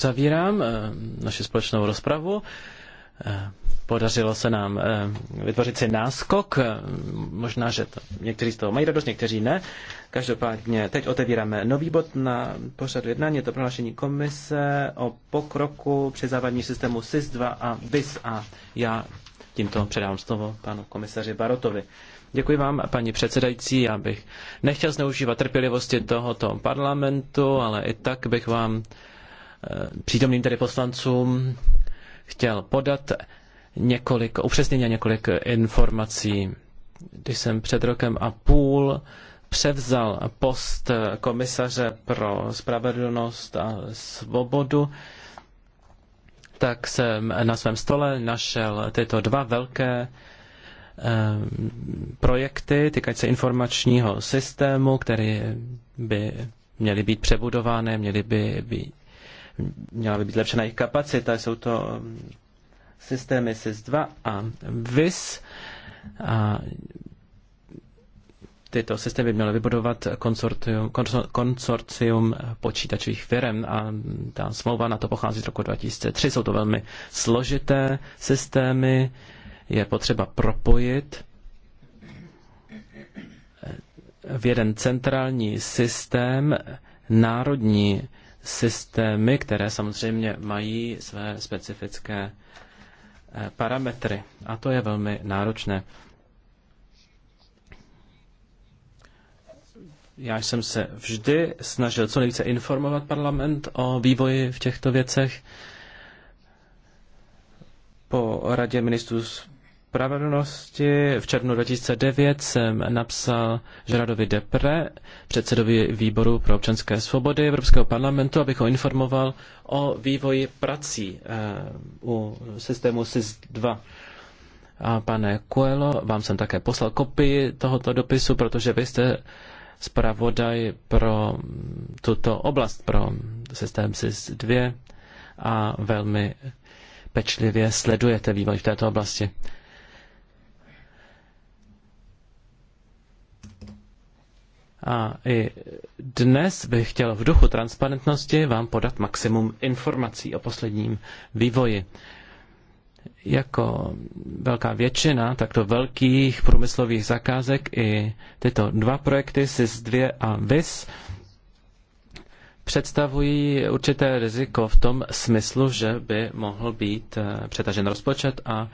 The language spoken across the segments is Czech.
Zavírám eh, naši společnou rozpravu. Eh, podařilo se nám eh, vytvořit si náskok. Možná, že to, někteří z toho mají radost, někteří ne. Každopádně teď otevíráme nový bod na pořadu jednání. Je to prohlášení komise o pokroku při závadní systému SIS-2 a BIS. A já tímto předávám slovo panu komisaři Barotovi. Děkuji vám, paní předsedající. Já bych nechtěl zneužívat trpělivosti tohoto parlamentu, ale i tak bych vám Eh, přítomným tedy poslancům chtěl podat několik, a několik informací. Když jsem před rokem a půl převzal post komisaře pro spravedlnost a svobodu, tak jsem na svém stole našel tyto dva velké eh, projekty týkající se informačního systému, které by měly být přebudovány, měly by být měla by být lepšena jejich kapacita. Jsou to um, systémy SIS-2 a VIS. A tyto systémy měly vybudovat konsortium, konsorcium počítačových firm a ta smlouva na to pochází z roku 2003. Jsou to velmi složité systémy, je potřeba propojit v jeden centrální systém národní systémy, které samozřejmě mají své specifické eh, parametry. A to je velmi náročné. Já jsem se vždy snažil co nejvíce informovat parlament o vývoji v těchto věcech. Po radě ministrů spravedlnosti v červnu 2009 jsem napsal Žeradovi Depre, předsedovi výboru pro občanské svobody Evropského parlamentu, abych ho informoval o vývoji prací eh, u systému SIS-2. A pane Coelho, vám jsem také poslal kopii tohoto dopisu, protože vy jste zpravodaj pro tuto oblast, pro systém SIS-2 a velmi pečlivě sledujete vývoj v této oblasti. A i dnes bych chtěl v duchu transparentnosti vám podat maximum informací o posledním vývoji. Jako velká většina takto velkých průmyslových zakázek i tyto dva projekty SIS-2 a VIS představují určité riziko v tom smyslu, že by mohl být eh, přetažen rozpočet a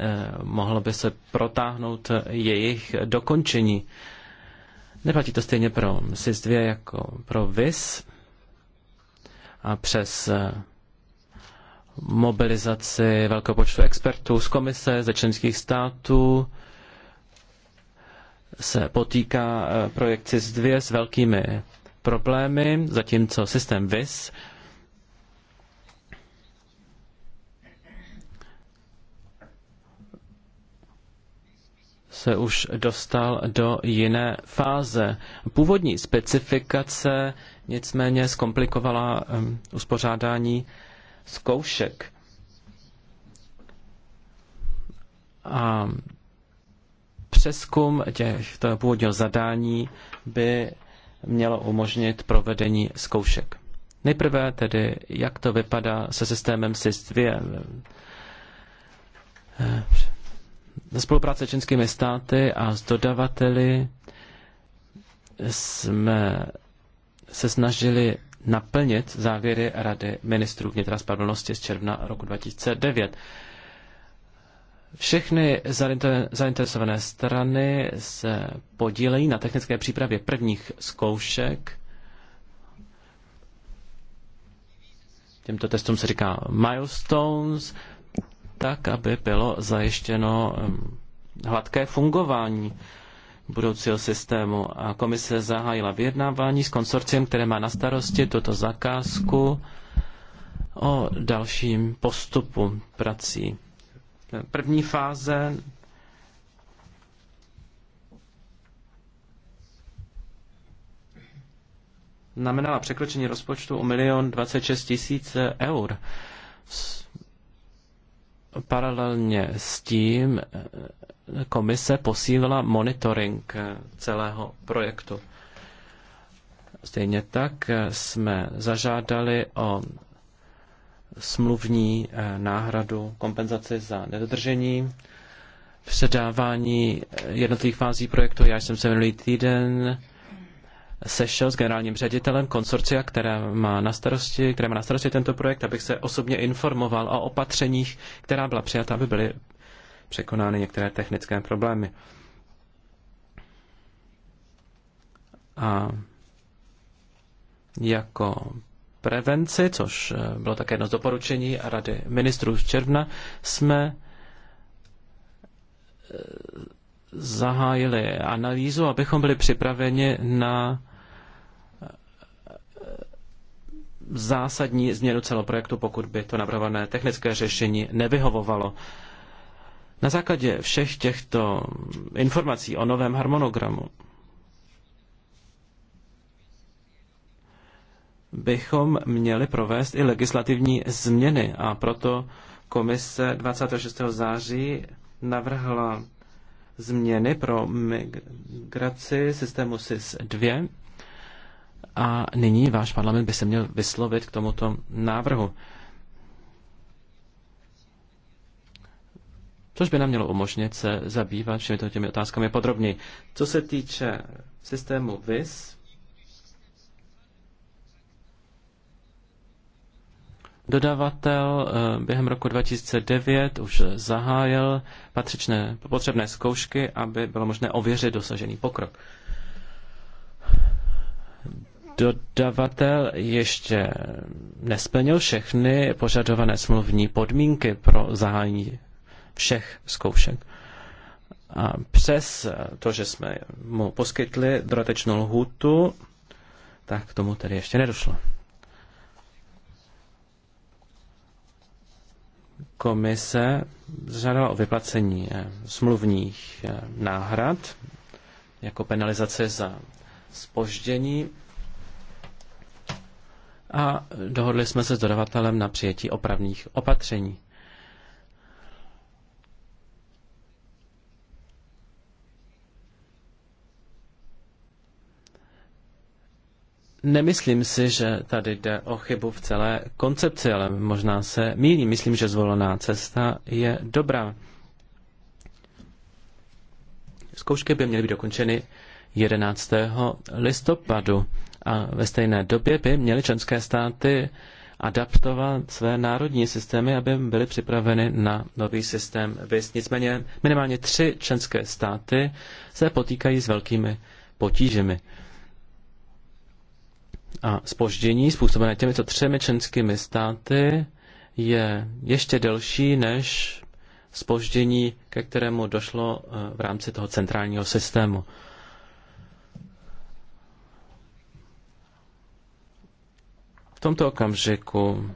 eh, mohlo by se protáhnout jejich dokončení. Neplatí to stejně pro SIS 2 jako pro VIS a přes eh, mobilizaci velkého počtu expertů z komise, ze členských států, se potýká eh, projekt SIS-2 s velkými problémy, zatímco systém VIS se už dostal do jiné fáze. Původní specifikace nicméně zkomplikovala uspořádání zkoušek. A přeskum těch, původního zadání by mělo umožnit provedení zkoušek. Nejprve tedy, jak to vypadá se systémem SIS-2 spolupráce s členskými státy a s dodavateli jsme se snažili naplnit závěry Rady ministrů vnitra spravedlnosti z června roku 2009. Všechny zainteresované strany se podílejí na technické přípravě prvních zkoušek. Těmto testům se říká milestones tak, aby bylo zajištěno hladké fungování budoucího systému. A komise zahájila vyjednávání s konsorciem, které má na starosti tuto zakázku o dalším postupu prací. První fáze znamenala překročení rozpočtu o milion 26 tisíc eur. Paralelně s tím eh, komise posílila monitoring eh, celého projektu. Stejně tak eh, jsme zažádali o smluvní náhradu, kompenzaci za nedodržení, předávání jednotlivých fází projektu. Já jsem se minulý týden sešel s generálním ředitelem konsorcia, které má na starosti, které má na starosti tento projekt, abych se osobně informoval o opatřeních, která byla přijata, aby byly překonány některé technické problémy. A jako prevenci, což eh, bylo také jedno z doporučení a Rady ministrů z června, jsme eh, zahájili analýzu, abychom byli připraveni na zásadní změnu celého projektu, pokud by to navrhované technické řešení nevyhovovalo. Na základě všech těchto informací o novém harmonogramu bychom měli provést i legislativní změny a proto komise 26. září navrhla změny pro migraci systému SIS 2 a nyní váš parlament by se měl vyslovit k tomuto návrhu. Což by nám mělo umožnit se zabývat všemi těmi otázkami podrobněji. Co se týče systému VIS, Dodavatel eh, během roku 2009 už zahájil patřičné potřebné zkoušky, aby bylo možné ověřit dosažený pokrok dodavatel ještě nesplnil všechny požadované smluvní podmínky pro zahájení všech zkoušek. A přes to, že jsme mu poskytli dodatečnou lhůtu, tak k tomu tedy ještě nedošlo. Komise žádala o vyplacení eh, smluvních eh, náhrad jako penalizace za spoždění a dohodli jsme se s dodavatelem na přijetí opravných opatření. Nemyslím si, že tady jde o chybu v celé koncepci, ale možná se mílí. Myslím, že zvolená cesta je dobrá. Zkoušky by měly být dokončeny 11. listopadu. A ve stejné době by měly členské státy adaptovat své národní systémy, aby byly připraveny na nový systém VIS. Nicméně minimálně tři členské státy se potýkají s velkými potížemi. A spoždění způsobené těmito třemi členskými státy je ještě delší než spoždění, ke kterému došlo eh, v rámci toho centrálního systému. tomto okamžiku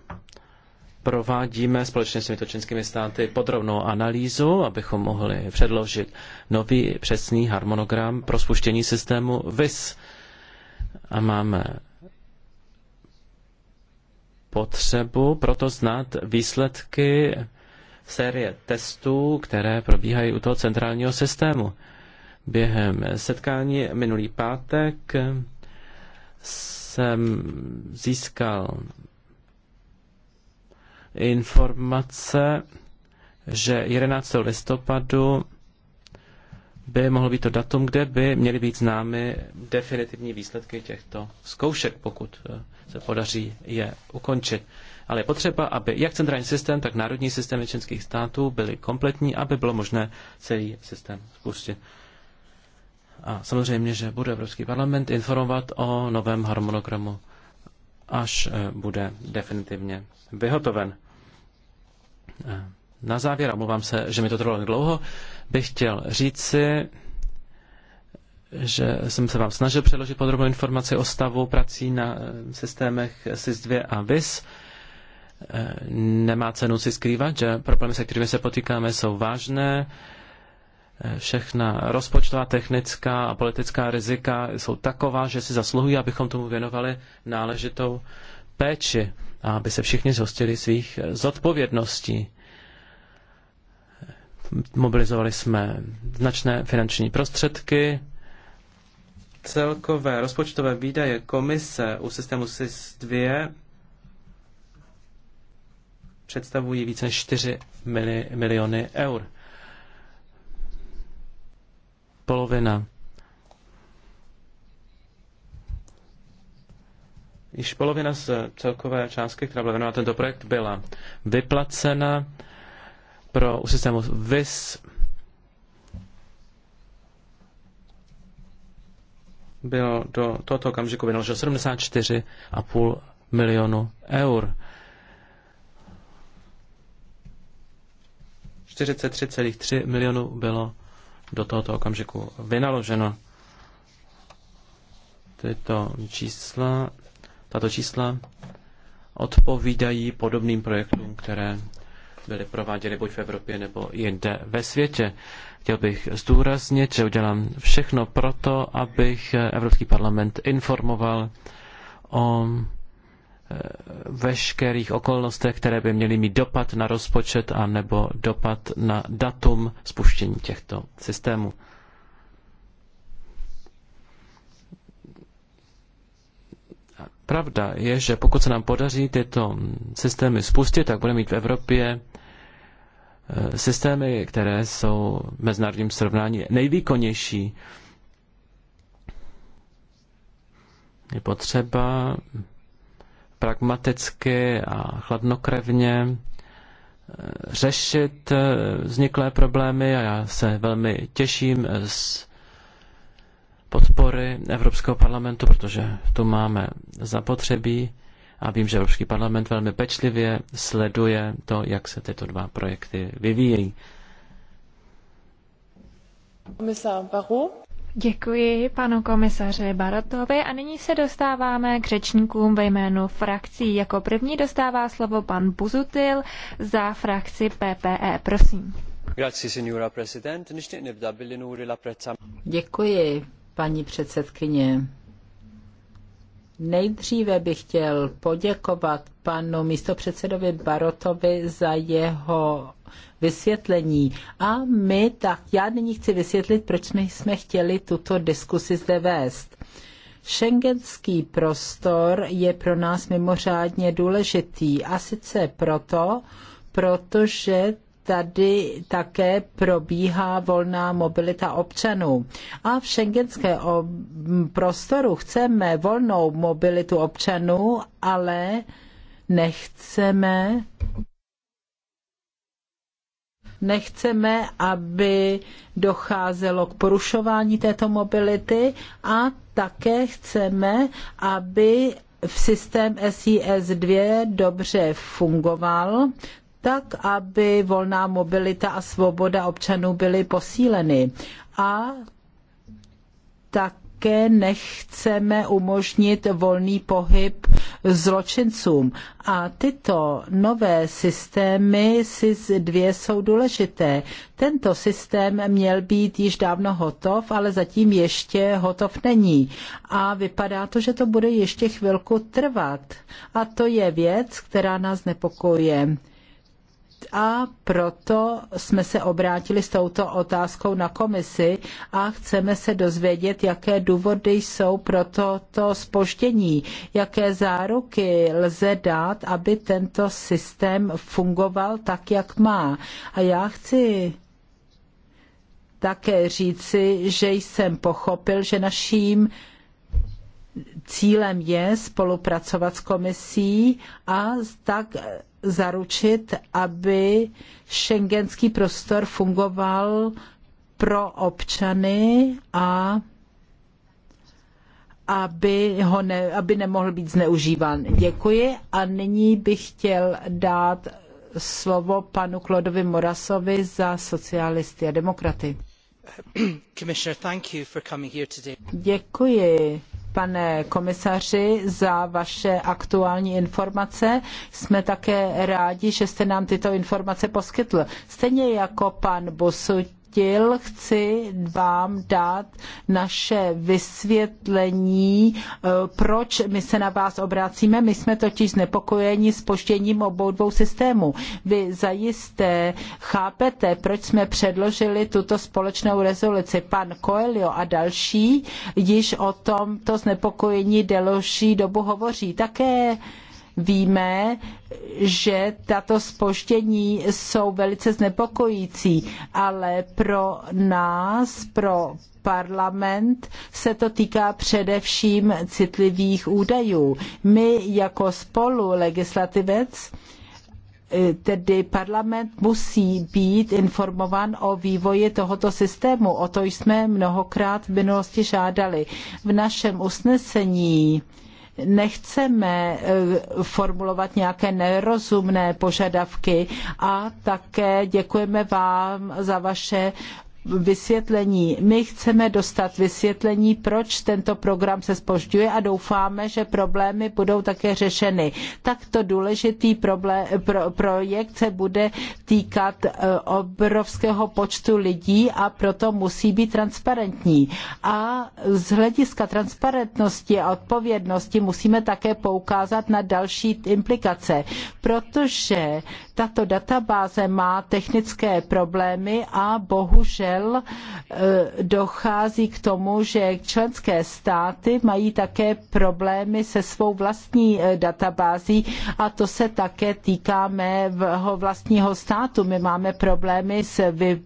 provádíme společně s těmito členskými státy podrobnou analýzu, abychom mohli předložit nový přesný harmonogram pro spuštění systému VIS. A máme potřebu proto znát výsledky série testů, které probíhají u toho centrálního systému. Během setkání minulý pátek jsem získal informace, že 11. listopadu by mohlo být to datum, kde by měly být známy definitivní výsledky těchto zkoušek, pokud eh, se podaří je ukončit. Ale je potřeba, aby jak centrální systém, tak národní systém členských států byly kompletní, aby bylo možné celý systém spustit. A samozřejmě, že bude Evropský parlament informovat o novém harmonogramu, až e, bude definitivně vyhotoven. E, na závěr, omlouvám se, že mi to trvalo dlouho, bych chtěl říci, že jsem se vám snažil předložit podrobnou informaci o stavu prací na e, systémech SIS-2 a VIS. Nemá cenu si skrývat, že problémy, se kterými se potýkáme, jsou vážné všechna rozpočtová, technická a politická rizika jsou taková, že si zasluhují, abychom tomu věnovali náležitou péči a aby se všichni zhostili svých zodpovědností. Mobilizovali jsme značné finanční prostředky. Celkové rozpočtové výdaje komise u systému SIS-2 představují více než 4 mili- miliony eur polovina. Již polovina z celkové částky, která byla věnována tento projekt, byla vyplacena pro u systému VIS. Bylo do tohoto okamžiku vynaloženo 74,5 milionu eur. 43,3 milionů bylo do tohoto okamžiku vynaloženo. Tyto čísla, tato čísla odpovídají podobným projektům, které byly prováděny buď v Evropě nebo jinde ve světě. Chtěl bych zdůraznit, že udělám všechno proto, abych Evropský parlament informoval o Eh, veškerých okolnostech, které by měly mít dopad na rozpočet a nebo dopad na datum spuštění těchto systémů. Pravda je, že pokud se nám podaří tyto systémy spustit, tak budeme mít v Evropě eh, systémy, které jsou v mezinárodním srovnání nejvýkonnější. Je potřeba pragmaticky a chladnokrevně eh, řešit eh, vzniklé problémy a já se velmi těším eh, z podpory Evropského parlamentu, protože tu máme zapotřebí a vím, že Evropský parlament velmi pečlivě sleduje to, jak se tyto dva projekty vyvíjejí. Komisar Barrot. Děkuji panu komisaři Baratovi a nyní se dostáváme k řečníkům ve jménu frakcí. Jako první dostává slovo pan Buzutil za frakci PPE. Prosím. Děkuji, paní předsedkyně. Nejdříve bych chtěl poděkovat panu místopředsedovi Barotovi za jeho vysvětlení. A my tak, já nyní chci vysvětlit, proč jsme, jsme chtěli tuto diskusi zde vést. Schengenský prostor je pro nás mimořádně důležitý a sice proto, protože tady také probíhá volná mobilita občanů. A v šengenské prostoru chceme volnou mobilitu občanů, ale nechceme Nechceme, aby docházelo k porušování této mobility a také chceme, aby v systém SIS 2 dobře fungoval, tak, aby volná mobilita a svoboda občanů byly posíleny. A tak také nechceme umožnit volný pohyb zločincům. A tyto nové systémy SIS-2 jsou důležité. Tento systém měl být již dávno hotov, ale zatím ještě hotov není. A vypadá to, že to bude ještě chvilku trvat. A to je věc, která nás nepokojuje a proto jsme se obrátili s touto otázkou na komisi a chceme se dozvědět, jaké důvody jsou pro toto spoždění, jaké záruky lze dát, aby tento systém fungoval tak, jak má. A já chci také říci, že jsem pochopil, že naším cílem je spolupracovat s komisí a tak zaručit, aby šengenský prostor fungoval pro občany a aby, ho ne, aby nemohl být zneužíván. Děkuji a nyní bych chtěl dát slovo panu Klodovi Morasovi za socialisty a demokraty. Děkuji pane komisaři, za vaše aktuální informace. Jsme také rádi, že jste nám tyto informace poskytl. Stejně jako pan Busuť, vrátil, chci vám dát naše vysvětlení, eh, proč my se na vás obracíme. My jsme totiž znepokojeni spožděním obou dvou systémů. Vy zajisté chápete, proč jsme předložili tuto společnou rezoluci. Pan Coelho a další již o tomto znepokojení deloží dobu hovoří. Také Víme, že tato spoždění jsou velice znepokojící, ale pro nás, pro parlament se to týká především citlivých údajů. My jako spolulegislativec tedy parlament musí být informován o vývoji tohoto systému. O to jsme mnohokrát v minulosti žádali. V našem usnesení nechceme e, formulovat nějaké nerozumné požadavky a také děkujeme vám za vaše vysvětlení. My chceme dostat vysvětlení, proč tento program se spožďuje a doufáme, že problémy budou také řešeny. Takto důležitý problém, pro, projekt se bude týkat e, obrovského počtu lidí a proto musí být transparentní. A z hlediska transparentnosti a odpovědnosti musíme také poukázat na další implikace, protože tato databáze má technické problémy a bohužel e, dochází k tomu, že členské státy mají také problémy se svou vlastní e, databází a to se také týká mého vlastního státu. My máme problémy s vy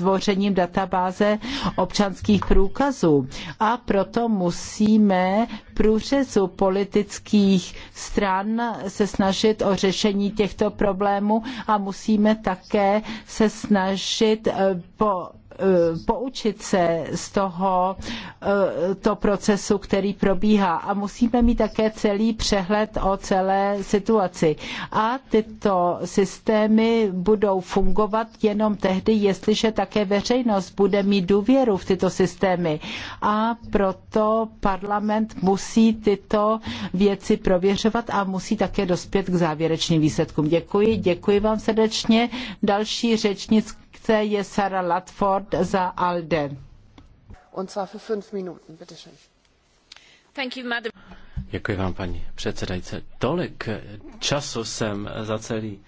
vytvořením databáze občanských průkazů. A proto musíme průřezu politických stran se snažit o řešení těchto problémů a musíme také se snažit eh, po Eh, poučit se z toho eh, to procesu, který probíhá. A musíme mít také celý přehled o celé situaci. A tyto systémy budou fungovat jenom tehdy, jestliže také veřejnost bude mít důvěru v tyto systémy. A proto parlament musí tyto věci prověřovat a musí také dospět k závěrečným výsledkům. Děkuji, děkuji vám srdečně. Další řečnická Poté je Sara Latford za ALDE. Und zwar für fünf Minuten, bitte schön. Thank you, madam. Děkuji vám, paní předsedající. Tolik času jsem za, celý,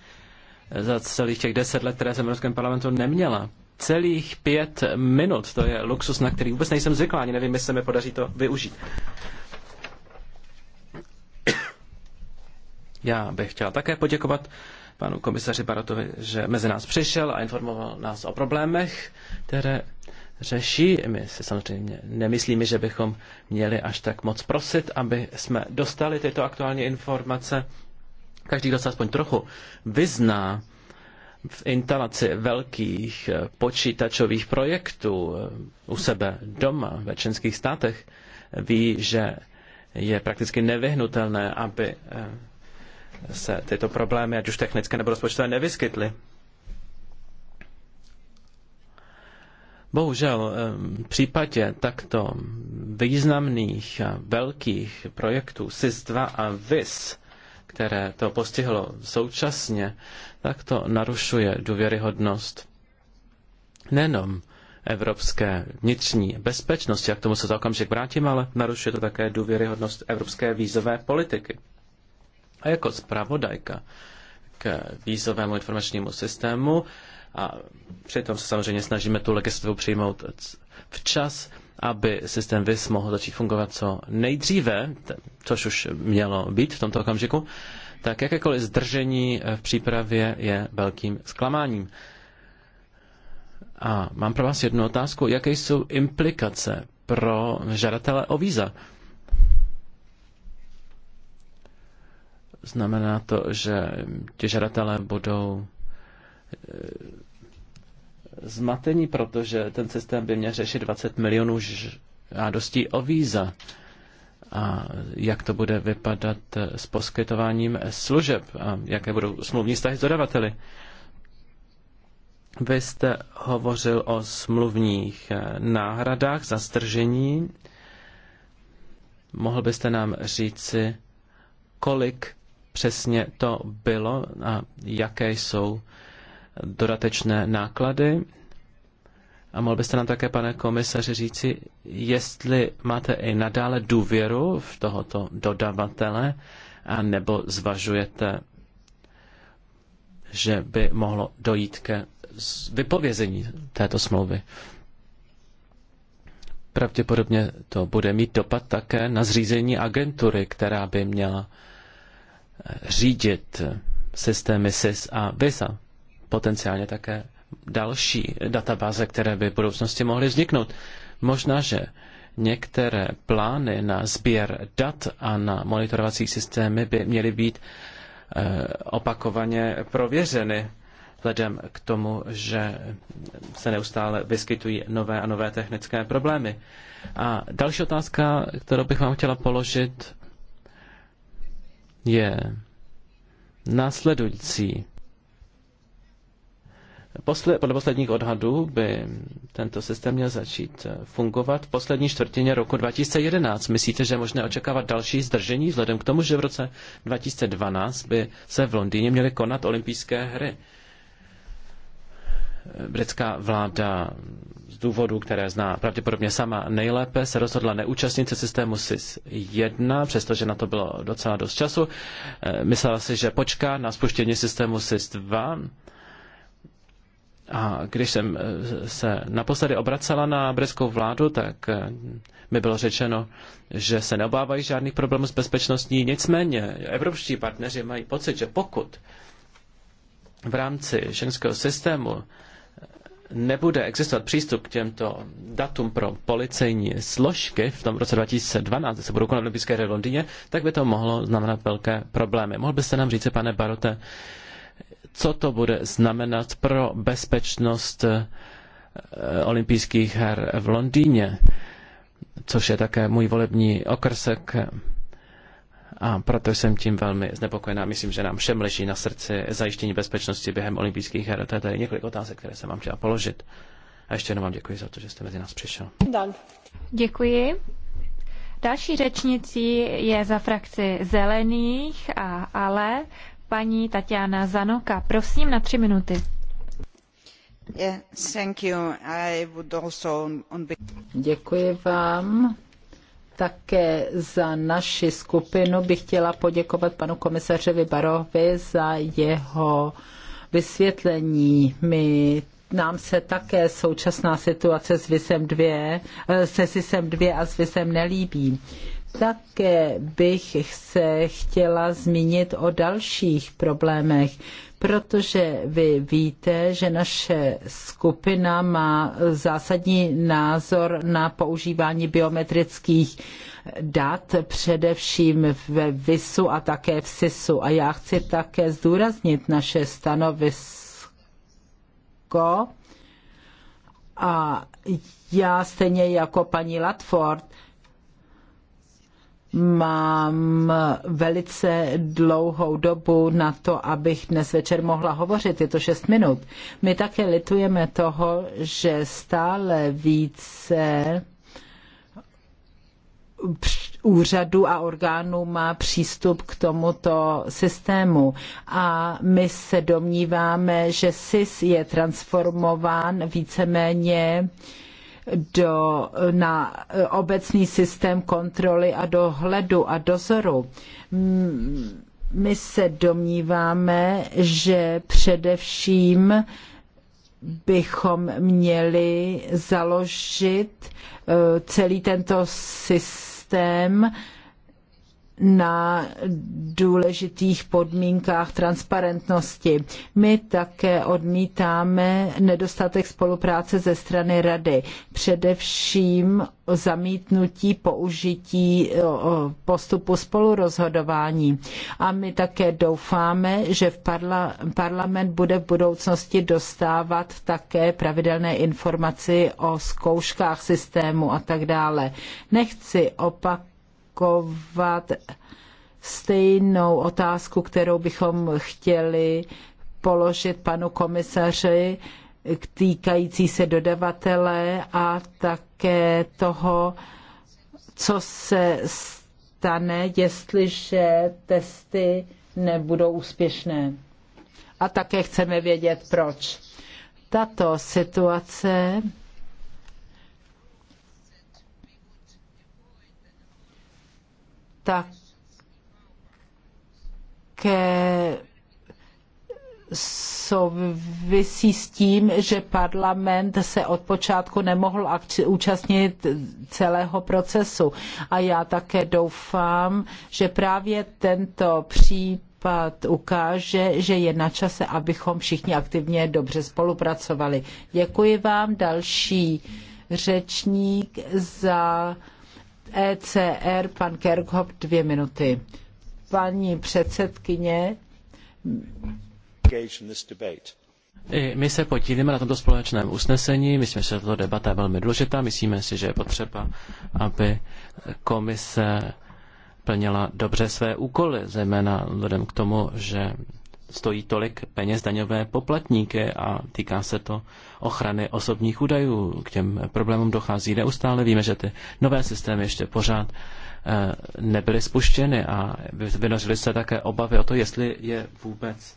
za celých těch deset let, které jsem v Evropském parlamentu neměla. Celých pět minut, to je luxus, na který vůbec nejsem zvyklá, ani nevím, jestli se mi podaří to využít. Já bych chtěla také poděkovat panu komisaři Baratovi, že mezi nás přišel a informoval nás o problémech, které řeší. My si samozřejmě nemyslíme, že bychom měli až tak moc prosit, aby jsme dostali tyto aktuální informace. Každý, kdo se aspoň trochu vyzná v instalaci velkých eh, počítačových projektů eh, u sebe doma ve členských státech, ví, že je prakticky nevyhnutelné, aby eh, se tyto problémy, ať už technické nebo rozpočtové, nevyskytly. Bohužel eh, v případě takto významných a velkých projektů SIS-2 a VIS, které to postihlo současně, tak to narušuje důvěryhodnost nejenom evropské vnitřní bezpečnosti, jak tomu se za okamžik vrátím, ale narušuje to také důvěryhodnost evropské vízové politiky. A jako zpravodajka k vízovému informačnímu systému a přitom se samozřejmě snažíme tu legislativu přijmout včas, aby systém VIS mohl začít fungovat co nejdříve, což už mělo být v tomto okamžiku, tak jakékoliv zdržení v přípravě je velkým zklamáním. A mám pro vás jednu otázku. Jaké jsou implikace pro žadatele o víza? Znamená to, že ti žadatelé budou eh, zmatení, protože ten systém by měl řešit 20 milionů žádostí o víza. A jak to bude vypadat eh, s poskytováním eh, služeb a jaké budou smluvní vztahy s dodavateli. Vy jste hovořil o smluvních náhradách za stržení. Mohl byste nám říci, kolik přesně to bylo a jaké jsou dodatečné náklady. A mohl byste nám také, pane komisaři, říci, jestli máte i nadále důvěru v tohoto dodavatele, a nebo zvažujete, že by mohlo dojít ke vypovězení této smlouvy. Pravděpodobně to bude mít dopad také na zřízení agentury, která by měla řídit systémy SIS a VISA. Potenciálně také další databáze, které by v budoucnosti mohly vzniknout. Možná, že některé plány na sběr dat a na monitorovací systémy by měly být eh, opakovaně prověřeny vzhledem k tomu, že se neustále vyskytují nové a nové technické problémy. A další otázka, kterou bych vám chtěla položit, je následující. podle posledních odhadů by tento systém měl začít eh, fungovat v poslední čtvrtině roku 2011. Myslíte, že je možné očekávat další zdržení vzhledem k tomu, že v roce 2012 by se v Londýně měly konat olympijské hry? britská vláda z důvodů, které zná pravděpodobně sama nejlépe, se rozhodla neúčastnit se systému SIS 1, přestože na to bylo docela dost času. Eh, myslela si, že počká na spuštění systému SIS 2. A když jsem eh, se naposledy obracela na britskou vládu, tak eh, mi bylo řečeno, že se neobávají žádných problémů s bezpečností. Nicméně evropští partneři mají pocit, že pokud v rámci šenského systému nebude existovat přístup k těmto datům pro policejní složky v tom roce 2012, kdy se budou konat olympijské hry v Londýně, tak by to mohlo znamenat velké problémy. Mohl byste nám říct, pane Barote, co to bude znamenat pro bezpečnost eh, olympijských her v Londýně, což je také můj volební okrsek a proto jsem tím velmi znepokojená. Myslím, že nám všem leží na srdci zajištění bezpečnosti během olympijských her. To je tady několik otázek, které jsem vám chtěla položit. A ještě jenom vám děkuji za to, že jste mezi nás přišel. Děkuji. Další řečnicí je za frakci Zelených a ale paní Tatiana Zanoka. Prosím na tři minuty. Yeah, thank you. I would also... Děkuji vám. Také za naši skupinu bych chtěla poděkovat panu komisařovi Barovi za jeho vysvětlení. My nám se také současná situace s VISem 2, eh, se SISem 2 a s VISem nelíbí. Také bych se chtěla zmínit o dalších problémech, protože vy víte, že naše skupina má zásadní názor na používání biometrických dat, především ve VISu a také v SISu. A já chci také zdůraznit naše stanovisko a já stejně jako paní Latford mám velice dlouhou dobu na to, abych dnes večer mohla hovořit, je to šest minut. My také litujeme toho, že stále více úřadů a orgánů má přístup k tomuto systému. A my se domníváme, že SIS je transformován víceméně uh, do, na e, obecný systém kontroly a dohledu a dozoru. My se domníváme, že především bychom měli založit e, celý tento systém na důležitých podmínkách transparentnosti. My také odmítáme nedostatek spolupráce ze strany Rady, především zamítnutí použití postupu spolurozhodování. A my také doufáme, že v parla, parlament bude v budoucnosti dostávat také pravidelné informace o zkouškách systému a tak dále. Nechci opakovat opakovat stejnou otázku, kterou bychom chtěli položit panu komisaři týkající se dodavatele a také toho, co se stane, jestliže testy nebudou úspěšné. A také chceme vědět, proč. Tato situace také souvisí s tím, že parlament se od počátku nemohl účastnit celého procesu. A já také doufám, že právě tento případ ukáže, že je na čase, abychom všichni aktivně dobře spolupracovali. Děkuji vám, další řečník za ECR, pan Kerkhop, dvě minuty. Paní předsedkyně, i my se podílíme na tomto společném usnesení. Myslím, že tato debata je velmi důležitá. Myslíme si, že je potřeba, aby komise plnila dobře své úkoly, zejména vzhledem k tomu, že stojí tolik peněz daňové poplatníky a týká se to ochrany osobních údajů. K těm problémům dochází neustále. Víme, že ty nové systémy ještě pořád eh, nebyly spuštěny a vynořily se také obavy o to, jestli je vůbec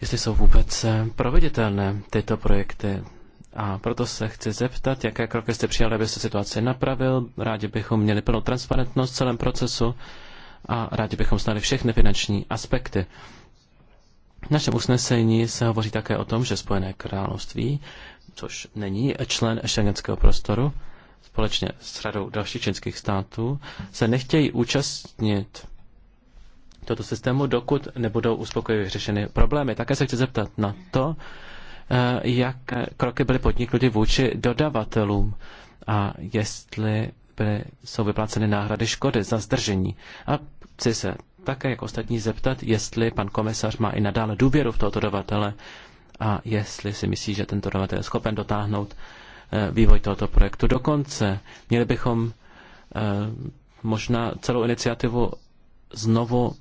jestli jsou vůbec eh, proveditelné tyto projekty. A proto se chci zeptat, jaké kroky jste přijali, abyste situaci napravil. Rádi bychom měli plnou transparentnost v celém procesu a rádi bychom znali všechny finanční aspekty v našem usnesení se hovoří také o tom, že Spojené království, což není člen šengenského prostoru, společně s radou dalších členských států, se nechtějí účastnit toto systému, dokud nebudou uspokojivě řešeny problémy. Také se chci zeptat na to, eh, jak kroky byly podniknuty vůči dodavatelům a jestli byly, jsou vypláceny náhrady škody za zdržení. A chci se také jako ostatní zeptat, jestli pan komisař má i nadále důvěru v tohoto dodavatele a jestli si myslí, že tento dodavatel je schopen dotáhnout eh, vývoj tohoto projektu do konce. Měli bychom eh, možná celou iniciativu znovu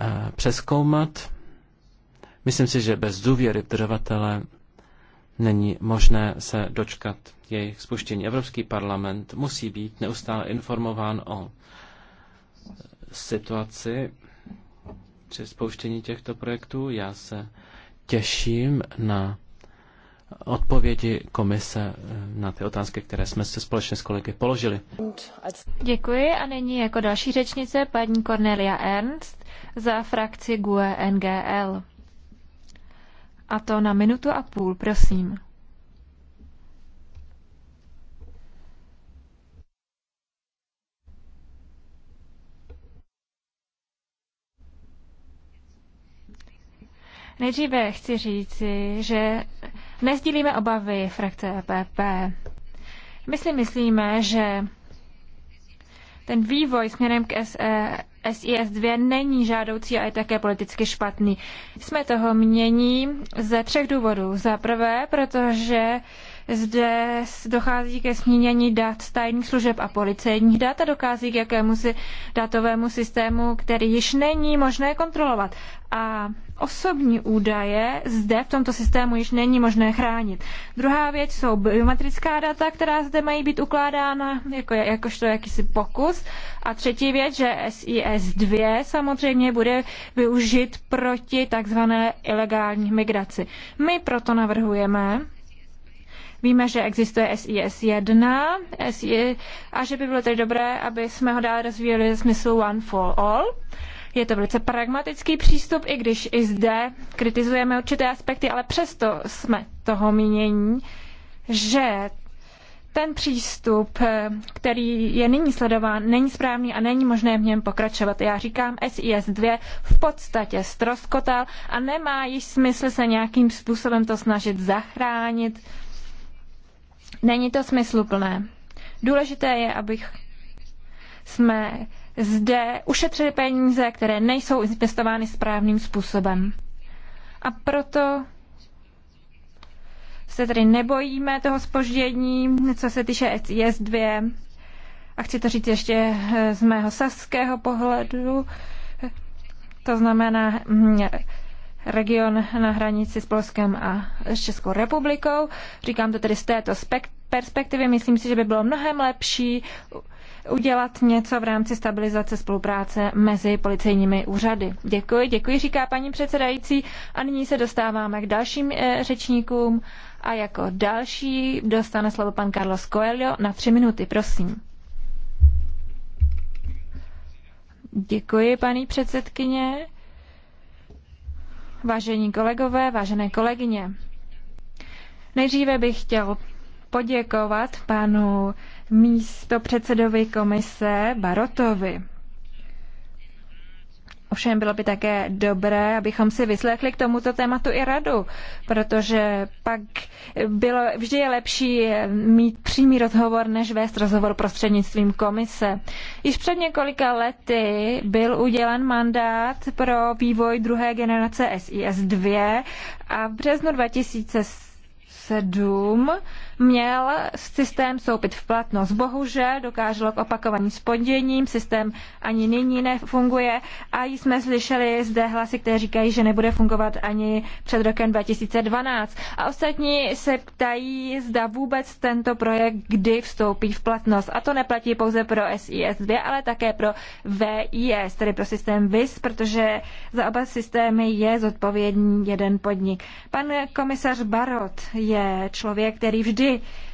eh, přeskoumat. Myslím si, že bez důvěry v dodavatele není možné se dočkat jejich spuštění. Evropský parlament musí být neustále informován o situaci při spouštění těchto projektů. Já se těším na odpovědi komise eh, na ty otázky, které jsme se společně s kolegy položili. Děkuji a nyní jako další řečnice paní Cornelia Ernst za frakci GUE NGL. A to na minutu a půl, prosím. Nejdříve chci říci, že nezdílíme obavy frakce EPP. My si myslíme, že ten vývoj směrem k SE, SIS-2 není žádoucí a je také politicky špatný. Jsme toho mění ze třech důvodů. Za prvé, protože zde dochází ke snížení dat tajných služeb a policejních dat a dochází k jakémusi datovému systému, který již není možné kontrolovat. A osobní údaje zde v tomto systému již není možné chránit. Druhá věc jsou biometrická data, která zde mají být ukládána jako, jakožto jakýsi pokus. A třetí věc, že SIS 2 samozřejmě bude využit proti takzvané ilegální migraci. My proto navrhujeme, Víme, že existuje SIS 1 a že by bylo tedy dobré, aby jsme ho dále rozvíjeli v smyslu One for All. Je to velice pragmatický přístup, i když i zde kritizujeme určité aspekty, ale přesto jsme toho mínění, že ten přístup, který je nyní sledován, není správný a není možné v něm pokračovat. Já říkám, SIS 2 v podstatě stroskotal a nemá již smysl se nějakým způsobem to snažit zachránit Není to smysluplné. Důležité je, abych jsme zde ušetřili peníze, které nejsou investovány správným způsobem. A proto se tedy nebojíme toho spoždění, co se týče ECS 2. A chci to říct ještě z mého saského pohledu. To znamená mm, region na hranici s Polskem a s Českou republikou. Říkám to tedy z této perspektivy. Myslím si, že by bylo mnohem lepší udělat něco v rámci stabilizace spolupráce mezi policejními úřady. Děkuji, děkuji, říká paní předsedající. A nyní se dostáváme k dalším eh, řečníkům. A jako další dostane slovo pan Carlos Coelho na tři minuty, prosím. Děkuji, paní předsedkyně vážení kolegové, vážené kolegyně. Nejdříve bych chtěl poděkovat panu místopředsedovi komise Barotovi. Ovšem bylo by také dobré, abychom si vyslechli k tomuto tématu i radu, protože pak bylo, vždy je lepší mít přímý rozhovor, než vést rozhovor prostřednictvím komise. Již před několika lety byl udělen mandát pro vývoj druhé generace SIS-2 a v březnu 2007 měl systém soupit v platnost. Bohužel dokáželo k opakovaným spoděním, systém ani nyní nefunguje a jsme slyšeli zde hlasy, které říkají, že nebude fungovat ani před rokem 2012. A ostatní se ptají, zda vůbec tento projekt kdy vstoupí v platnost. A to neplatí pouze pro SIS 2, ale také pro VIS, tedy pro systém VIS, protože za oba systémy je zodpovědný jeden podnik. Pan komisař Barot je člověk, který vždy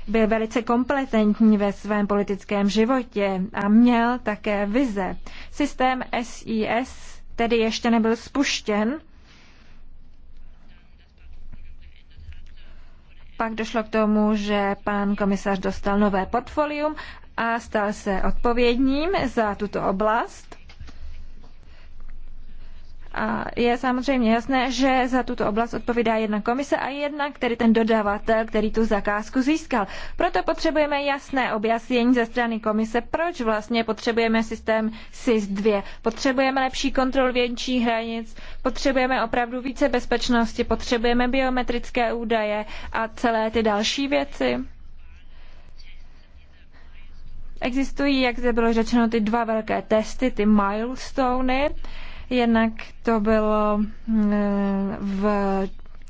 byl velice kompetentní ve svém politickém životě a měl také vize. Systém SIS tedy ještě nebyl spuštěn. Pak došlo k tomu, že pan komisař dostal nové portfolium a stal se odpovědním za tuto oblast je samozřejmě jasné, že za tuto oblast odpovídá jedna komise a jedna, který ten dodavatel, který tu zakázku získal. Proto potřebujeme jasné objasnění ze strany komise, proč vlastně potřebujeme systém SIS-2. Potřebujeme lepší kontrol větších hranic, potřebujeme opravdu více bezpečnosti, potřebujeme biometrické údaje a celé ty další věci. Existují, jak zde bylo řečeno, ty dva velké testy, ty milestony jednak to bylo mm, v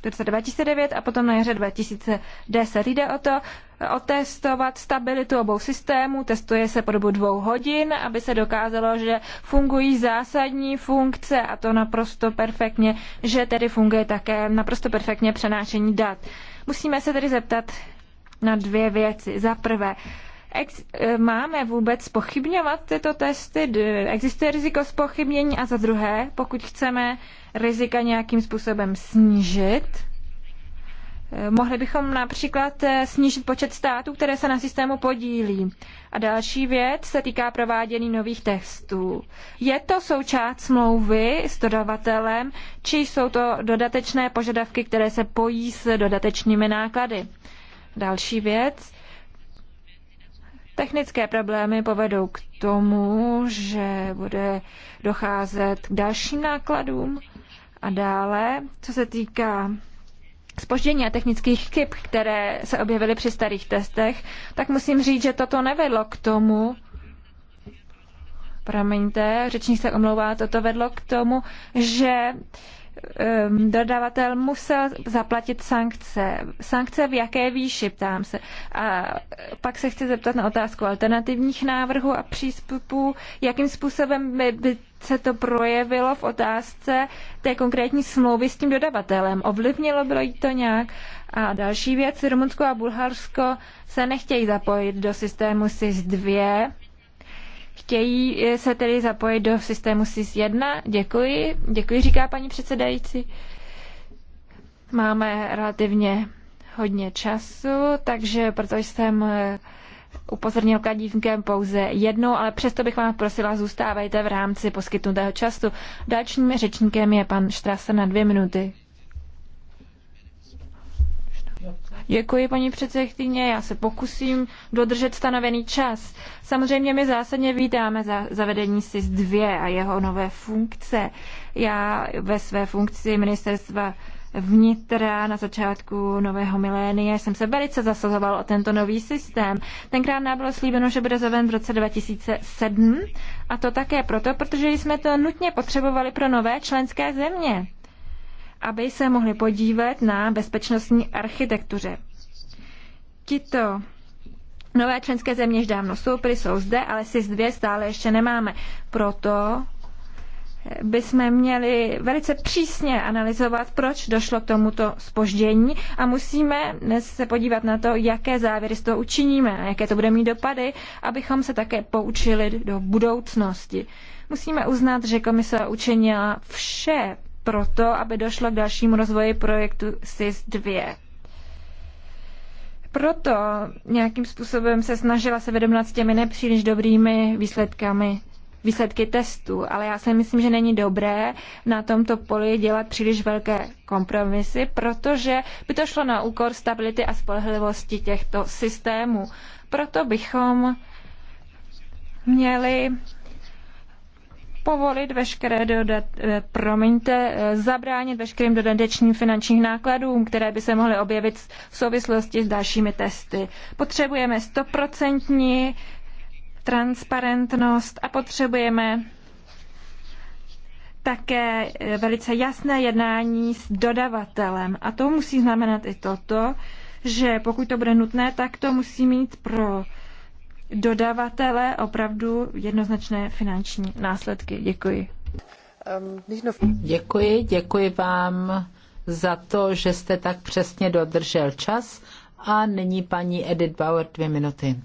roce 2009 a potom na jaře 2010. Jde o to eh, otestovat stabilitu obou systémů, testuje se po dobu dvou hodin, aby se dokázalo, že fungují zásadní funkce a to naprosto perfektně, že tedy funguje také naprosto perfektně přenášení dat. Musíme se tedy zeptat na dvě věci. Za prvé, ex- eh, máme vůbec pochybňovat tyto testy? Existuje riziko spochybnění? A za druhé, pokud chceme rizika nějakým způsobem snížit, eh, Mohli bychom například eh, snížit počet států, které se na systému podílí. A další věc se týká provádění nových testů. Je to součást smlouvy s dodavatelem, či jsou to dodatečné požadavky, které se pojí s dodatečnými náklady? Další věc. Technické problémy povedou k tomu, že bude docházet k dalším nákladům a dále, co se týká spoždění a technických chyb, které se objevily při starých testech, tak musím říct, že toto nevedlo k tomu, promiňte, řečník se omlouvá, toto vedlo k tomu, že Ehm, dodavatel musel zaplatit sankce. Sankce v jaké výši, ptám se. A pak se chci zeptat na otázku alternativních návrhů a přístupů, jakým způsobem by, by se to projevilo v otázce té konkrétní smlouvy s tím dodavatelem. Ovlivnilo bylo jí to nějak? A další věc, Rumunsko a Bulharsko se nechtějí zapojit do systému SIS 2, chtějí eh, se tedy zapojit do systému SIS-1. Děkuji, děkuji, říká paní předsedající. Máme relativně hodně času, takže protože jsem eh, upozornil kladívkem pouze jednou, ale přesto bych vám prosila, zůstávejte v rámci poskytnutého času. Dalším řečníkem je pan Štrase na dvě minuty. Děkuji, paní předsedkyně. Já se pokusím dodržet stanovený čas. Samozřejmě my zásadně vítáme za zavedení SIS 2 a jeho nové funkce. Já ve své funkci ministerstva vnitra na začátku nového milénie jsem se velice zasazoval o tento nový systém. Tenkrát nám bylo slíbeno, že bude zaven v roce 2007 a to také proto, protože jsme to nutně potřebovali pro nové členské země aby se mohli podívat na bezpečnostní architektuře. Tito nové členské země již dávno vstoupily, jsou zde, ale si z dvě stále ještě nemáme. Proto bychom měli velice přísně analyzovat, proč došlo k tomuto spoždění a musíme se podívat na to, jaké závěry z toho učiníme, a jaké to bude mít dopady, abychom se také poučili do budoucnosti. Musíme uznat, že komise učinila vše proto, aby došlo k dalšímu rozvoji projektu SIS 2 proto nějakým způsobem se snažila se vyrovnat s těmi nepříliš dobrými výsledkami výsledky testů, ale já si myslím, že není dobré na tomto poli dělat příliš velké kompromisy, protože by to šlo na úkor stability a spolehlivosti těchto systémů. Proto bychom měli povolit veškeré dodat, eh, promiňte, eh, zabránit veškerým dodatečným finančním nákladům, které by se mohly objevit v souvislosti s dalšími testy. Potřebujeme stoprocentní transparentnost a potřebujeme také eh, velice jasné jednání s dodavatelem. A to musí znamenat i toto, že pokud to bude nutné, tak to musí mít pro dodavatele opravdu jednoznačné finanční následky. Děkuji. Děkuji, děkuji vám za to, že jste tak přesně dodržel čas. A nyní paní Edith Bauer dvě minuty.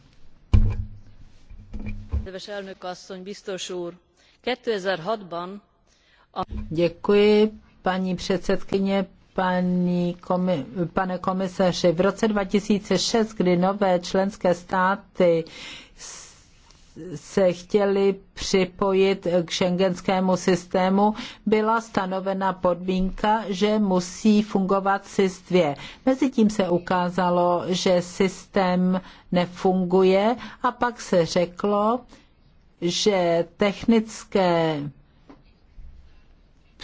Děkuji, paní předsedkyně, paní komi, pane komisaři, v roce 2006, kdy nové členské státy se chtěli připojit k šengenskému systému, byla stanovena podmínka, že musí fungovat SIS 2. Mezitím se ukázalo, že systém nefunguje a pak se řeklo, že technické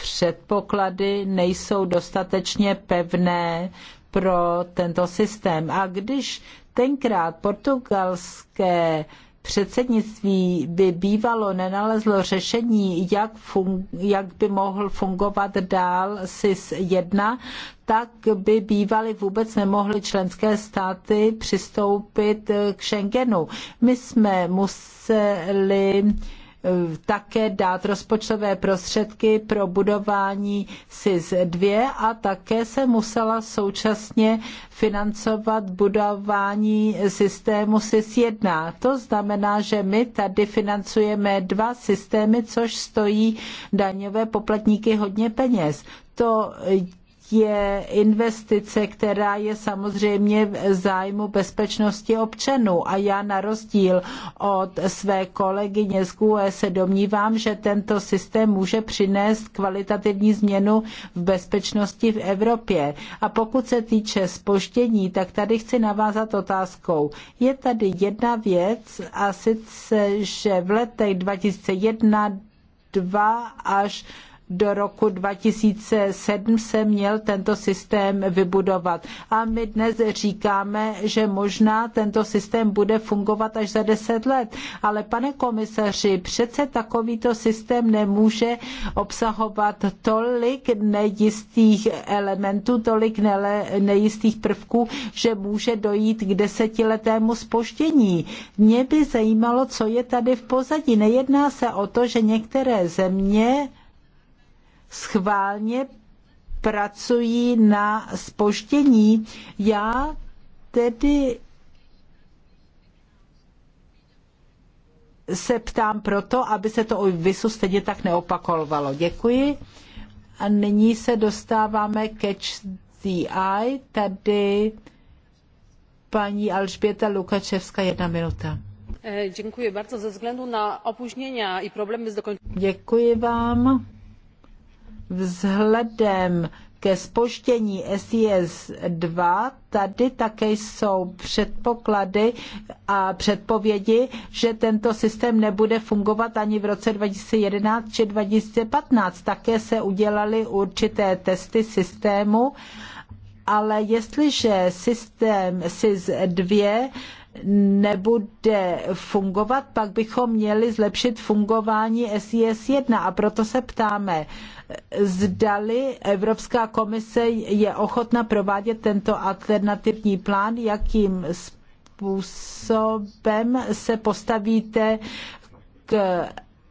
předpoklady nejsou dostatečně pevné pro tento systém. A když tenkrát portugalské předsednictví by bývalo nenalezlo řešení, jak, jak by mohl fungovat dál SIS 1, tak by bývaly vůbec nemohly členské státy přistoupit k Schengenu. My jsme museli také dát rozpočtové prostředky pro budování SIS 2 a také se musela současně financovat budování systému SIS 1. To znamená, že my tady financujeme dva systémy, což stojí daňové poplatníky hodně peněz. To je investice, která je samozřejmě v zájmu bezpečnosti občanů. A já na rozdíl od své kolegyně z QE se domnívám, že tento systém může přinést kvalitativní změnu v bezpečnosti v Evropě. A pokud se týče spoždění, tak tady chci navázat otázkou. Je tady jedna věc a sice, že v letech 2001, 2 až do roku 2007 se měl tento systém vybudovat. A my dnes říkáme, že možná tento systém bude fungovat až za deset let. Ale pane komisaři, přece takovýto systém nemůže obsahovat tolik nejistých elementů, tolik nejistých prvků, že může dojít k desetiletému spoždění. Mě by zajímalo, co je tady v pozadí. Nejedná se o to, že některé země schválně pracují na spoždění. Já tedy se ptám proto, aby se to o VISu stejně tak neopakovalo. Děkuji. A nyní se dostáváme ke the eye. Tady paní Alžběta Lukačevská, jedna minuta. Eh, děkuji bardzo. Ze względu na opóźnienia i problemy z dokończeniem. Děkuji vám. Vzhledem ke spoštění SIS 2 tady také jsou předpoklady a předpovědi, že tento systém nebude fungovat ani v roce 2011 či 2015. Také se udělaly určité testy systému ale jestliže systém SIS 2 nebude fungovat, pak bychom měli zlepšit fungování SIS 1 e a proto se ptáme, zdali Evropská komise je ochotna provádět tento alternativní plán, jakým způsobem se postavíte k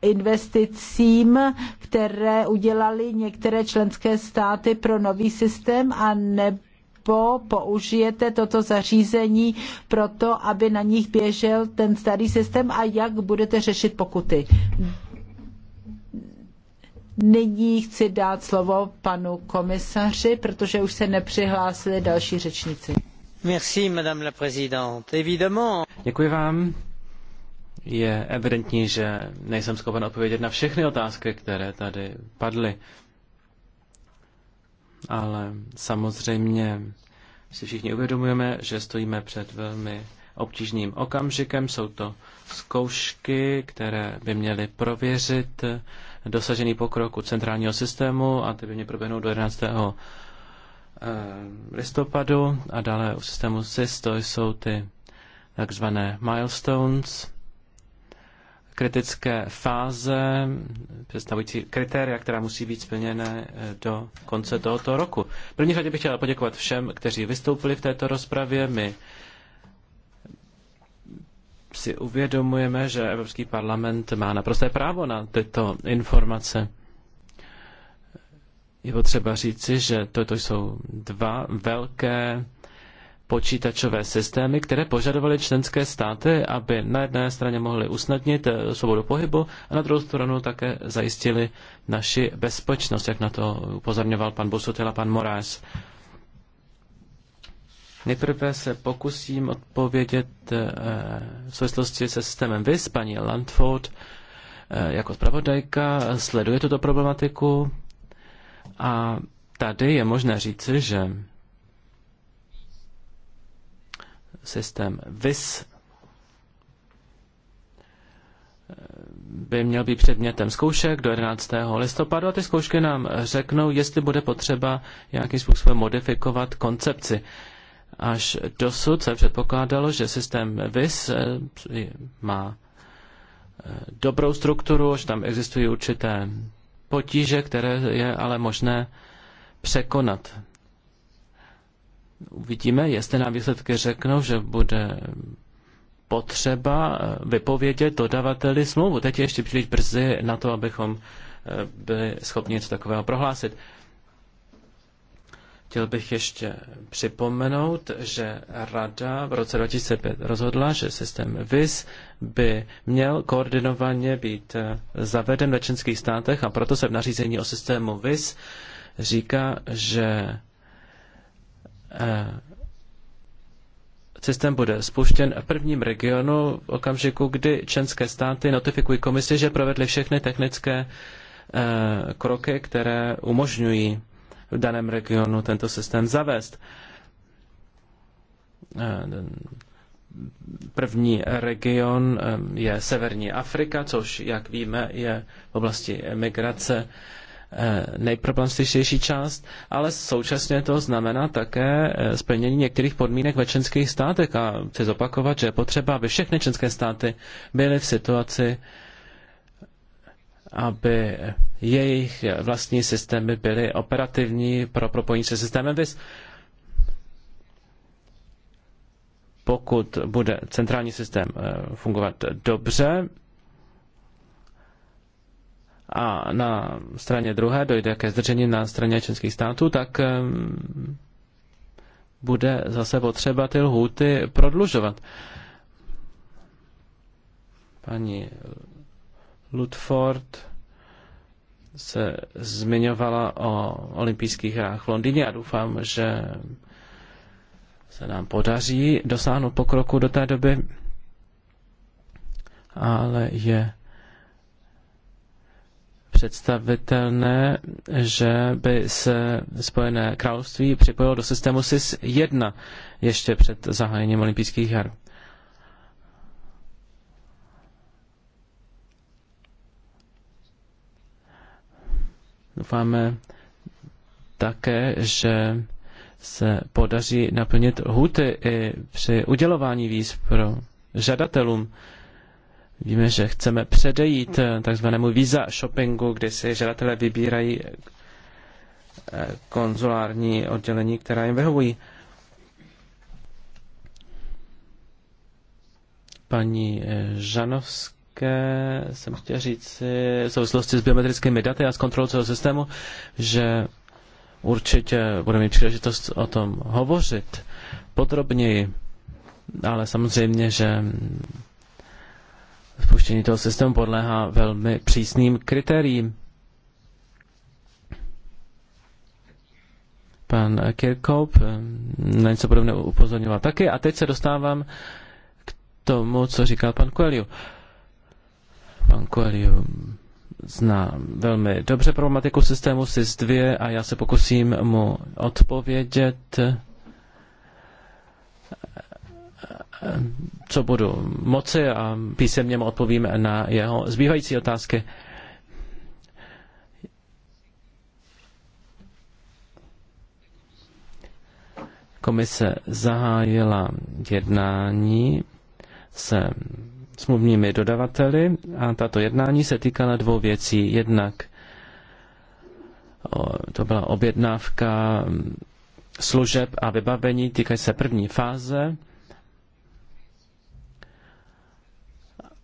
investicím, které udělali některé členské státy pro nový systém a nebo po použijete toto zařízení pro to, aby na nich běžel ten starý systém a jak budete řešit pokuty. Nyní chci dát slovo panu komisaři, protože už se nepřihlásili další řečníci. Merci, madame la présidente. Évidemment. Děkuji vám. Je evidentní, že nejsem schopen odpovědět na všechny otázky, které tady padly ale samozřejmě si všichni uvědomujeme, že stojíme před velmi obtížným okamžikem. Jsou to zkoušky, které by měly prověřit dosažený pokrok u centrálního systému a ty by mě proběhnout do 11. Eh, listopadu a dále u systému SIS, to jsou ty takzvané milestones, kritické fáze, představující kritéria, která musí být splněné eh, do konce tohoto roku. V první řadě bych chtěla poděkovat všem, kteří vystoupili v této rozpravě. My si uvědomujeme, že Evropský parlament má naprosté právo na tyto informace. Je potřeba říci, že toto jsou dva velké počítačové systémy, které požadovaly členské státy, aby na jedné straně mohly usnadnit eh, svobodu pohybu a na druhou stranu také zajistili naši bezpečnost, jak na to upozorňoval pan Bosutil a pan Moráš. Nejprve se pokusím odpovědět eh, v souvislosti se systémem VIS. Paní Landford eh, jako zpravodajka sleduje tuto problematiku a tady je možné říci, že systém VIS eh, by měl být předmětem zkoušek do 11. listopadu a ty zkoušky nám řeknou, jestli bude potřeba nějakým způsobem modifikovat koncepci. Až dosud se předpokládalo, že systém VIS eh, má eh, dobrou strukturu, že tam existují určité potíže, které je ale možné překonat. Uvidíme, jestli nám výsledky řeknou, že bude potřeba eh, vypovědět dodavateli smlouvu. Teď je ještě příliš brzy na to, abychom eh, byli schopni něco takového prohlásit. Chtěl bych ještě připomenout, že Rada v roce 2005 rozhodla, že systém VIS by měl koordinovaně být eh, zaveden ve členských státech a proto se v nařízení o systému VIS říká, že Eh, systém bude spuštěn v prvním regionu v okamžiku, kdy členské státy notifikují komisi, že provedly všechny technické eh, kroky, které umožňují v daném regionu tento systém zavést. Eh, první region je Severní Afrika, což, jak víme, je v oblasti migrace Eh, nejproblematičtější část, ale současně to znamená také eh, splnění některých podmínek ve členských státech a chci zopakovat, že je potřeba, aby všechny členské státy byly v situaci, aby jejich vlastní systémy byly operativní pro propojení se systémem VIS. Pokud bude centrální systém eh, fungovat dobře, a na straně druhé dojde ke zdržení na straně českých států, tak bude zase potřeba ty lhůty prodlužovat. Paní Ludford se zmiňovala o olympijských hrách v Londýně a doufám, že se nám podaří dosáhnout pokroku do té doby, ale je představitelné, že by se Spojené království připojilo do systému SIS-1 ještě před zahájením olympijských her. Doufáme také, že se podaří naplnit huty i při udělování víz pro žadatelům. Víme, že chceme předejít eh, takzvanému visa shoppingu, kdy si žadatelé vybírají eh, konzulární oddělení, která jim vyhovují. Paní eh, Žanovské jsem chtěl říct v souvislosti s biometrickými daty a s kontrolou celého systému, že určitě budeme mít příležitost o tom hovořit podrobněji, ale samozřejmě, že Spuštění toho systému podléhá velmi přísným kritériím. Pan Kirkoup ehm, na něco podobného upozorňoval taky. A teď se dostávám k tomu, co říkal pan Coelho. Pan Coelho zná velmi dobře problematiku systému SIS-2 a já se pokusím mu odpovědět Eh, co budu moci a písemně mu odpovím na jeho zbývající otázky. Komise zahájila jednání se smluvními dodavateli a tato jednání se týkala dvou věcí. Jednak to byla objednávka mm, služeb a vybavení týkají se první fáze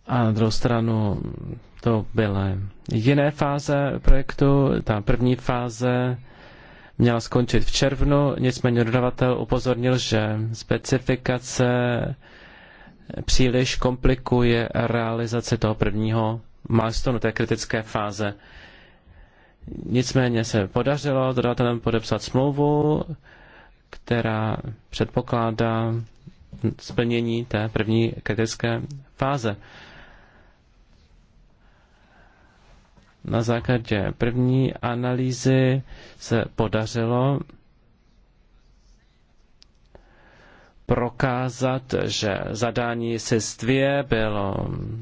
A na druhou stranu to byly jiné fáze projektu. Ta první fáze měla skončit v červnu, nicméně dodavatel upozornil, že specifikace příliš komplikuje realizaci toho prvního milestone, té kritické fáze. Nicméně se podařilo dodatelem podepsat smlouvu, která předpokládá splnění té první kritické fáze. Na základě první analýzy se podařilo prokázat, že zadání SIS 2 bylo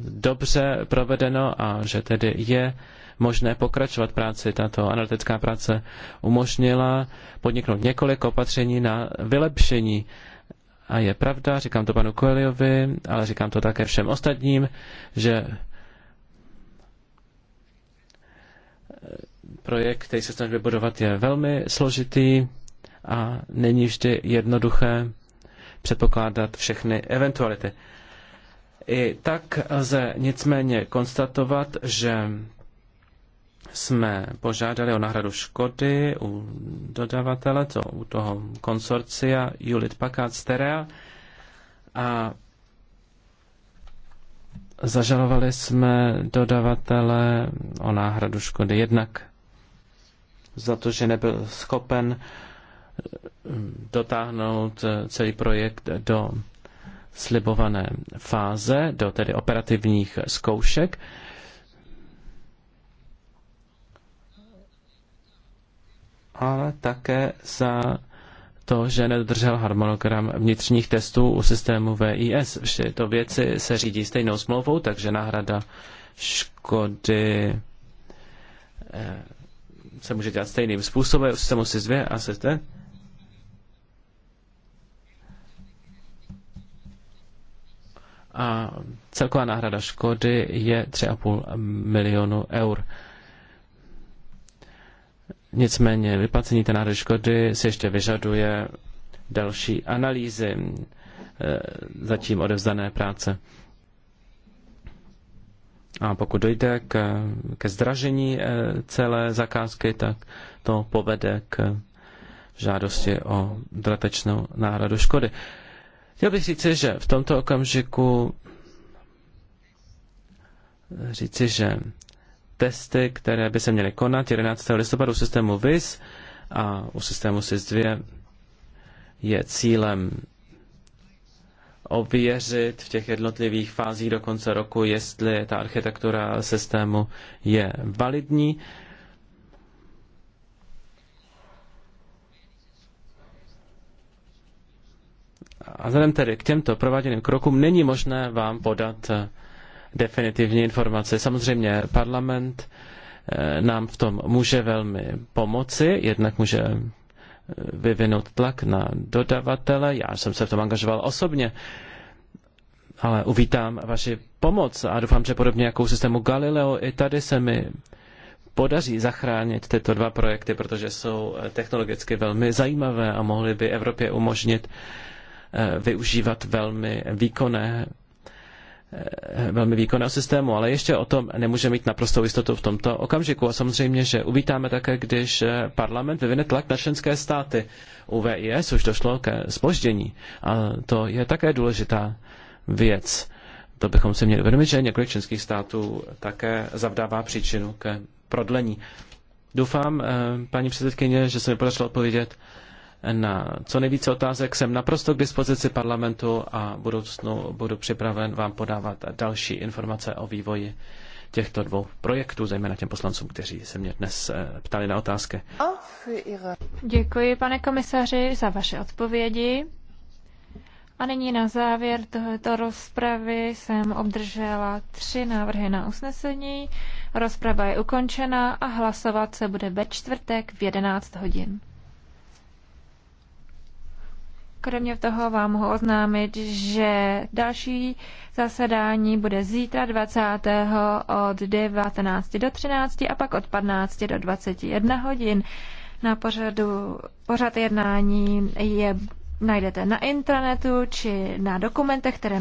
dobře provedeno a že tedy je možné pokračovat práci. Tato analytická práce umožnila podniknout několik opatření na vylepšení. A je pravda, říkám to panu Coeliovi, ale říkám to také všem ostatním, že projekt, který se snaží vybudovat, je velmi složitý a není vždy jednoduché předpokládat všechny eventuality. I tak lze nicméně konstatovat, že jsme požádali o náhradu škody u dodavatele, to u toho konsorcia Julit Packard Stereo a Zažalovali jsme dodavatele o náhradu škody jednak za to, že nebyl schopen eh, dotáhnout eh, celý projekt do slibované fáze, do tedy operativních zkoušek. ale také za to, že nedodržel harmonogram vnitřních testů u systému VIS. Vše to věci se řídí stejnou smlouvou, takže náhrada škody eh, se může dělat stejným způsobem u systému SIS-2 a sis A celková náhrada škody je 3,5 milionu eur. Nicméně vyplacení té náhrady škody si ještě vyžaduje další analýzy eh, zatím odevzdané práce. A pokud dojde k, ke zdražení eh, celé zakázky, tak to povede k žádosti o dodatečnou náhradu škody. Chtěl bych říci, že v tomto okamžiku říci, že testy, které by se měly konat 11. listopadu u systému VIS a u systému SIS 2 je cílem ověřit v těch jednotlivých fázích do konce roku, jestli ta architektura systému je validní. A vzhledem tedy k těmto prováděným krokům není možné vám podat definitivní informace. Samozřejmě parlament eh, nám v tom může velmi pomoci, jednak může eh, vyvinout tlak na dodavatele. Já jsem se v tom angažoval osobně, ale uvítám vaši pomoc a doufám, že podobně jako u systému Galileo, i tady se mi podaří zachránit tyto dva projekty, protože jsou eh, technologicky velmi zajímavé a mohly by Evropě umožnit využívat velmi výkonné Eh, velmi výkonného systému, ale ještě o tom nemůže mít naprostou jistotu v tomto okamžiku. A samozřejmě, že uvítáme také, když eh, parlament vyvine tlak na členské státy. U VIS už došlo ke spoždění a to je také důležitá věc. To bychom si měli uvědomit, že několik členských států také zavdává příčinu ke prodlení. Doufám, eh, paní předsedkyně, že se mi podařilo odpovědět na co nejvíce otázek. Jsem naprosto k dispozici parlamentu a v budoucnu budu připraven vám podávat další informace o vývoji těchto dvou projektů, zejména těm poslancům, kteří se mě dnes eh, ptali na otázky. Děkuji, pane komisaři, za vaše odpovědi. A nyní na závěr tohoto rozpravy jsem obdržela tři návrhy na usnesení. Rozprava je ukončena a hlasovat se bude ve čtvrtek v 11 hodin. Kromě toho vám mohu oznámit, že další zasedání bude zítra 20. od 19. do 13. a pak od 15. do 21 hodin. Na pořadu, pořad jednání je najdete na intranetu či na dokumentech, které